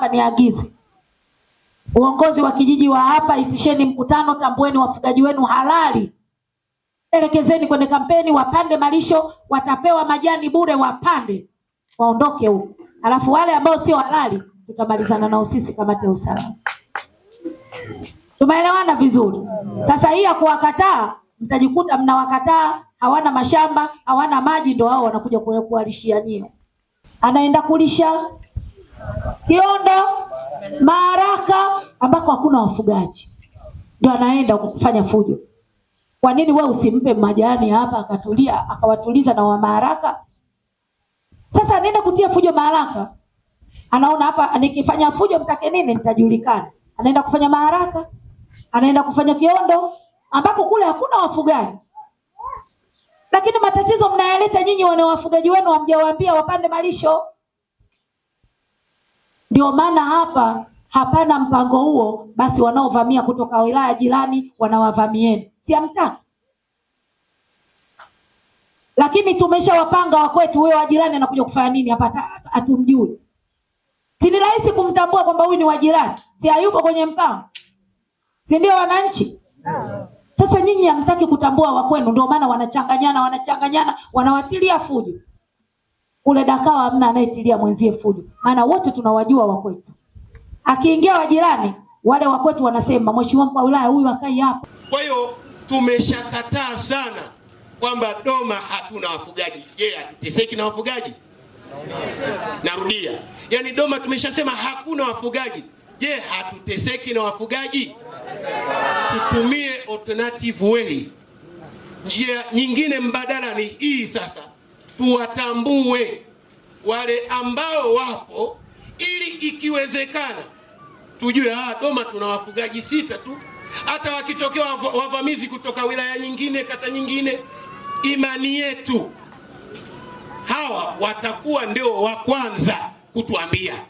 hapa niagize uongozi wa kijiji wa hapa, itisheni mkutano, tambueni wafugaji wenu halali, elekezeni kwenye kampeni, wapande malisho, watapewa majani bure, wapande waondoke huko, alafu wale ambao sio halali tutamalizana nao sisi kamati ya usalama. Tumeelewana vizuri? Sasa hii ya kuwakataa, mtajikuta mnawakataa, hawana mashamba, hawana maji, ndio hao wanakuja kuwalishia nyie, anaenda kulisha Kiondo, Maraka, ambako hakuna wafugaji, ndio anaenda kufanya fujo. Kwa nini wewe usimpe majani hapa akatulia akawatuliza na wa Maraka? Sasa anaenda kutia fujo Maraka, anaona hapa nikifanya fujo mtake nini nitajulikana. Anaenda kufanya Maraka, anaenda kufanya Kiondo ambako kule hakuna wafugaji lakini matatizo mnayaleta nyinyi, wana wafugaji wenu hamjawaambia wapande malisho. Ndio maana hapa hapana mpango huo, basi wanaovamia kutoka wilaya jirani wanawavamieni, si hamtaki? Lakini tumeshawapanga wakwetu, huyo wa jirani anakuja kufanya nini hapa? Hatumjui, si ni rahisi kumtambua kwamba huyu ni wa jirani, si hayupo kwenye mpango, si ndio wananchi? Sasa nyinyi hamtaki kutambua wakwenu, ndio maana wanachanganyana, wanachanganyana, wanawatilia fujo kule Dakawa hamna anayetilia mwenzie fujo, maana wote tunawajua wakwetu. Akiingia wajirani wale wakwetu wanasema mheshimiwa mkuu wa wilaya huyu akai hapa. Kwa hiyo tumeshakataa sana kwamba Doma hatuna wafugaji. Je, yeah, hatuteseki na wafugaji? Narudia, yaani Doma tumeshasema hakuna wafugaji. Je, yeah, hatuteseki na wafugaji? Tutumie alternative way, njia nyingine mbadala ni hii sasa tuwatambue wale ambao wapo, ili ikiwezekana tujue ah, Doma tuna wafugaji sita tu. Hata wakitokea wavamizi kutoka wilaya nyingine, kata nyingine, imani yetu hawa watakuwa ndio wa kwanza kutuambia.